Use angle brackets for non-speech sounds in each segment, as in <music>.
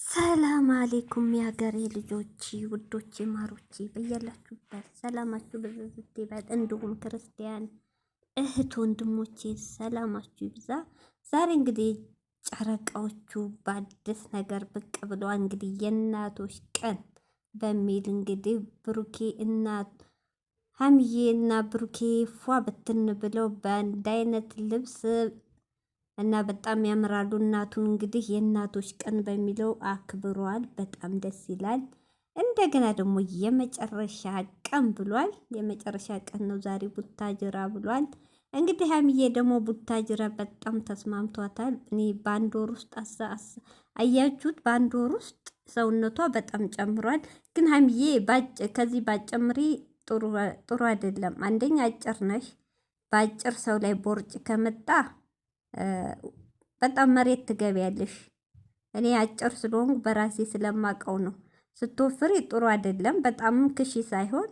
ሰላም አሌኩም የሀገሬ ልጆች ውዶቼ ማሮቼ በያላችሁበት ሰላማችሁ ብዝዝት ይበል። እንዲሁም ክርስቲያን እህት ወንድሞቼ ሰላማችሁ ይብዛ። ዛሬ እንግዲህ ጨረቃዎቹ በአዲስ ነገር ብቅ ብሏ እንግዲህ የእናቶች ቀን በሚል እንግዲህ ብሩኬ እና ሀምዬ እና ብሩኬ ፏ ብትን ብለው በአንድ አይነት ልብስ እና በጣም ያምራሉ። እናቱን እንግዲህ የእናቶች ቀን በሚለው አክብሯል። በጣም ደስ ይላል። እንደገና ደግሞ የመጨረሻ ቀን ብሏል። የመጨረሻ ቀን ነው ዛሬ ቡታጅራ ብሏል። እንግዲህ ሀሚዬ ደግሞ ቡታጅራ በጣም ተስማምቷታል። እኔ በአንድ ወር ውስጥ አያችሁት፣ በአንድ ወር ውስጥ ሰውነቷ በጣም ጨምሯል። ግን ሀሚዬ ከዚህ ባጨምሪ ጥሩ አይደለም። አንደኛ አጭር ነሽ። በአጭር ሰው ላይ ቦርጭ ከመጣ በጣም መሬት ትገቢያለሽ። እኔ አጭር ስለሆንኩ በራሴ ስለማቀው ነው። ስትወፍሪ ጥሩ አይደለም። በጣም ክሺ ሳይሆን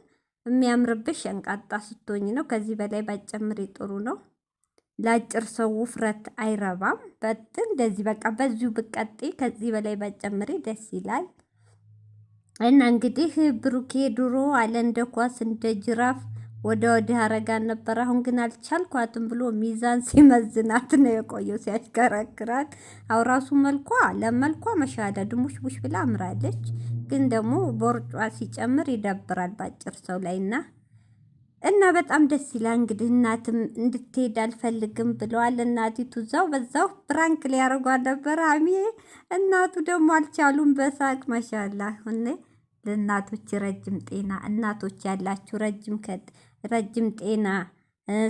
የሚያምርብሽ ሸንቃጣ ስትሆኝ ነው። ከዚህ በላይ ባጨምሪ ጥሩ ነው። ለአጭር ሰው ውፍረት አይረባም። በጥ እንደዚህ በቃ በዚሁ ብቀጤ ከዚህ በላይ ባጨምሪ ደስ ይላል። እና እንግዲህ ብሩኬ ድሮ አለ እንደ ኳስ እንደ ጅራፍ ወደ ወዲህ አረጋን ነበር። አሁን ግን አልቻልኳትም ብሎ ሚዛን <laughs> ሲመዝናት ነው የቆየው ሲያሽከረክራት። አው ራሱ መልኳ ለመልኳ መሻዳ ድሙሽ ቡሽ ብላ አምራለች፣ ግን ደግሞ ቦርጯ ሲጨምር ይደብራል ባጭር ሰው ላይ እና እና በጣም ደስ ይላል። እንግዲህ እናትም እንድትሄድ አልፈልግም ብለዋል። እናቲቱ እዛው በዛው ብራንክ ሊያደርጓ ነበር። አሚ እናቱ ደግሞ አልቻሉም በሳቅ መሻላ ሁኔ ለእናቶች ረጅም ጤና እናቶች ያላችሁ ረጅም ከት ረጅም ጤና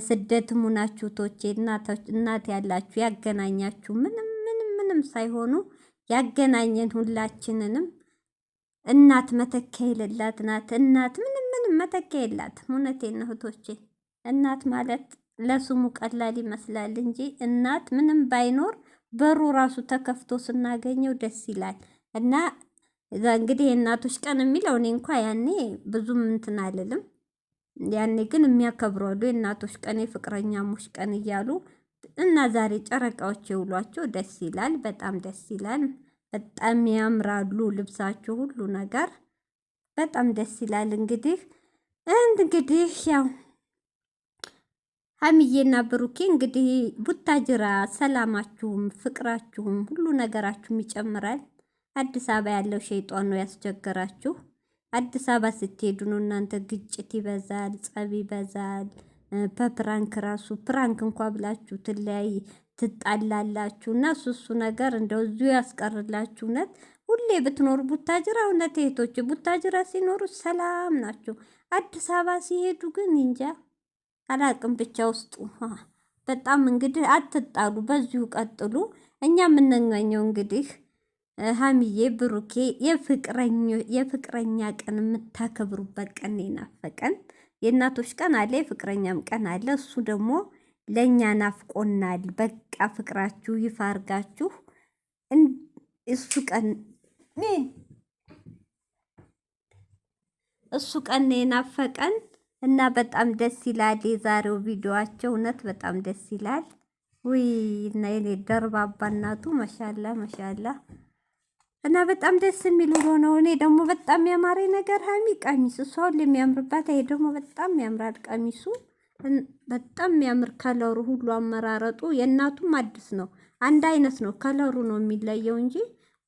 ስደት ሙናችሁ ቶቼ እናቶች እናት ያላችሁ ያገናኛችሁ ምንም ምንም ምንም ሳይሆኑ ያገናኘን ሁላችንንም እናት መተካ የሌላት ናት። እናት ምንም ምንም መተካ የላት። እውነቴን ነው እህቶቼ፣ እናት ማለት ለስሙ ቀላል ይመስላል እንጂ እናት ምንም ባይኖር በሩ ራሱ ተከፍቶ ስናገኘው ደስ ይላል እና እዛ እንግዲህ የእናቶች ቀን የሚለው እኔ እንኳ ያኔ ብዙም እንትን አልልም። ያኔ ግን የሚያከብሩ አሉ። የእናቶች ቀን፣ የፍቅረኛሞች ቀን እያሉ እና ዛሬ ጨረቃዎች የውሏቸው ደስ ይላል። በጣም ደስ ይላል። በጣም ያምራሉ። ልብሳቸው፣ ሁሉ ነገር በጣም ደስ ይላል። እንግዲህ እንግዲህ ያው ሀሚዬና ብሩኬ እንግዲህ ቡታጅራ ሰላማችሁም፣ ፍቅራችሁም ሁሉ ነገራችሁም ይጨምራል። አዲስ አበባ ያለው ሸይጧን ነው ያስቸገራችሁ። አዲስ አበባ ስትሄዱ ነው እናንተ ግጭት ይበዛል፣ ጸብ ይበዛል። በፕራንክ ራሱ ፕራንክ እንኳ ብላችሁ ትለያይ ትጣላላችሁ። እና ሱሱ ነገር እንደው እዚሁ ያስቀርላችሁ። እውነት ሁሌ ብትኖሩ ቡታጅራ፣ እውነት እህቶች ቡታጅራ ሲኖሩ ሰላም ናቸው። አዲስ አበባ ሲሄዱ ግን እንጃ አላቅም ብቻ ውስጡ በጣም እንግዲህ አትጣሉ፣ በዚሁ ቀጥሉ። እኛ የምንመኘው እንግዲህ ሀሚዬ ብሩኬ የፍቅረኛ ቀን የምታከብሩበት ቀን ናፈቀን። የእናቶች ቀን አለ፣ የፍቅረኛም ቀን አለ። እሱ ደግሞ ለእኛ ናፍቆናል። በቃ ፍቅራችሁ ይፋ አርጋችሁ እሱ ቀን እሱ ቀን የናፈቀን እና በጣም ደስ ይላል። የዛሬው ቪዲዮአቸው እውነት በጣም ደስ ይላል። ውይ እና የኔ ደርባባ እናቱ መሻላ መሻላ እና በጣም ደስ የሚል ነው። እኔ ደግሞ በጣም ያማረ ነገር ሀሚ ቀሚሱ ሰውን የሚያምርባት ይሄ ደግሞ በጣም ያምራል ቀሚሱ በጣም የሚያምር ከለሩ ሁሉ አመራረጡ የእናቱም አዲስ ነው። አንድ አይነት ነው ከለሩ ነው የሚለየው እንጂ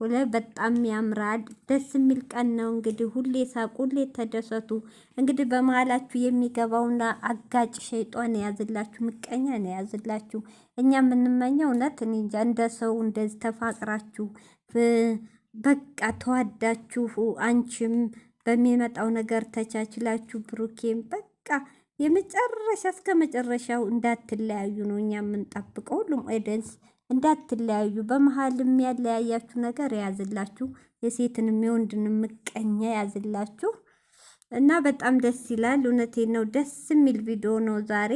ሁለ በጣም ያምራል። ደስ የሚል ቀን ነው እንግዲህ። ሁሌ ሳቁ፣ ሁሌ ተደሰቱ። እንግዲህ በመሀላችሁ የሚገባውና አጋጭ ሸይጧን የያዝላችሁ፣ ነው የያዝላችሁ። እኛ የምንመኘው እውነት እንደ ሰው እንደዚህ ተፋቅራችሁ በቃ ተዋዳችሁ አንቺም በሚመጣው ነገር ተቻችላችሁ ብሩኬም በቃ የመጨረሻ እስከ መጨረሻው እንዳትለያዩ ነው እኛ የምንጠብቀው። ሁሉም ኤደንስ እንዳትለያዩ፣ በመሀል የሚያለያያችሁ ነገር የያዝላችሁ፣ የሴትንም የወንድንም ምቀኛ ያዝላችሁ እና በጣም ደስ ይላል። እውነቴ ነው። ደስ የሚል ቪዲዮ ነው ዛሬ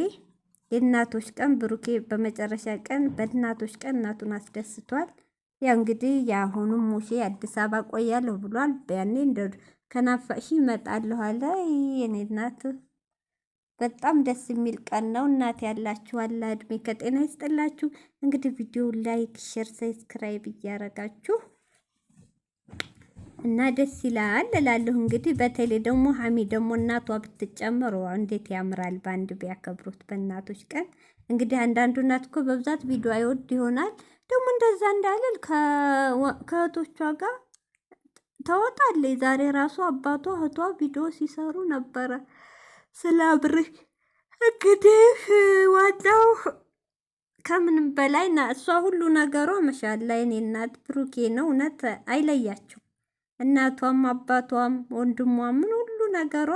የእናቶች ቀን። ብሩኬ በመጨረሻ ቀን በእናቶች ቀን እናቱን አስደስቷል። ያ እንግዲህ የአሁኑም ሙሼ አዲስ አበባ ቆያለሁ ብሏል። ያኔ እንደ ከናፈቅሽ ይመጣለሁ አለ። የኔ እናት በጣም ደስ የሚል ቀን ነው። እናት ያላችሁ አላ እድሜ ከጤና ይስጥላችሁ። እንግዲህ ቪዲዮ ላይክ፣ ሼር፣ ሰብስክራይብ እያረጋችሁ እና ደስ ይላል እላለሁ። እንግዲህ በተለይ ደግሞ ሀሚ ደግሞ እናቷ ብትጨመሩ እንዴት ያምራል! በአንድ ቢያከብሩት በእናቶች ቀን። እንግዲህ አንዳንዱ እናት እኮ በብዛት ቪዲዮ አይወድ ይሆናል ደግሞ እንደዛ እንዳልል ከእህቶቿ ጋር ተወጣለች። ዛሬ ራሱ አባቷ እህቷ ቪዲዮ ሲሰሩ ነበረ ስለ አብርሽ። እንግዲህ ዋናው ከምንም በላይ እሷ ሁሉ ነገሯ ላይ የኔ እናት ብሩኬ ነው። እውነት አይለያቸው። እናቷም አባቷም ወንድሟም ምን ሁሉ ነገሯ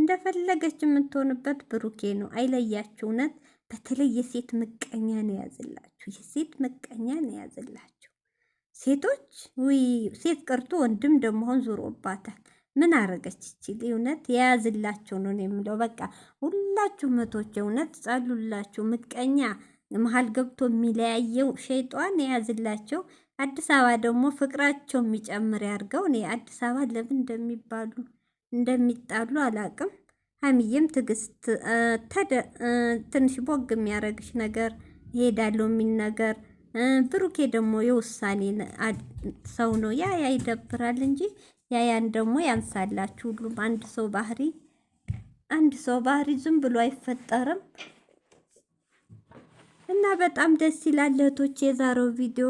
እንደፈለገች የምትሆንበት ብሩኬ ነው። አይለያቸው እውነት በተለይ የሴት መቀኛ ነው ያዘላችሁ። የሴት መቀኛ ነው ያዘላችሁ። ሴቶች ውይ ሴት ቀርቶ ወንድም ደመሆን ዙሮባታል። ምን አረገች እቺ? እውነት የያዝላችሁ ነው የምለው። በቃ ሁላችሁ መቶች እውነት ጸሉላችሁ። ምቀኛ መሀል ገብቶ የሚለያየው ሸይጧን የያዝላቸው። አዲስ አበባ ደግሞ ፍቅራቸው የሚጨምር ያርገው። እኔ አዲስ አበባ ለምን እንደሚባሉ እንደሚጣሉ አላቅም። ሀሚዬም ተደ ትንሽ ቦግ የሚያደርግሽ ነገር ይሄዳለሁ የሚል ነገር ብሩኬ ደግሞ የውሳኔ ሰው ነው። ያ ያ ይደብራል እንጂ ያ ያን ደግሞ ያንሳላችሁ። ሁሉም አንድ ሰው ባህሪ አንድ ሰው ባህሪ ዝም ብሎ አይፈጠርም እና በጣም ደስ ይላል እህቶች የዛሬው ቪዲዮ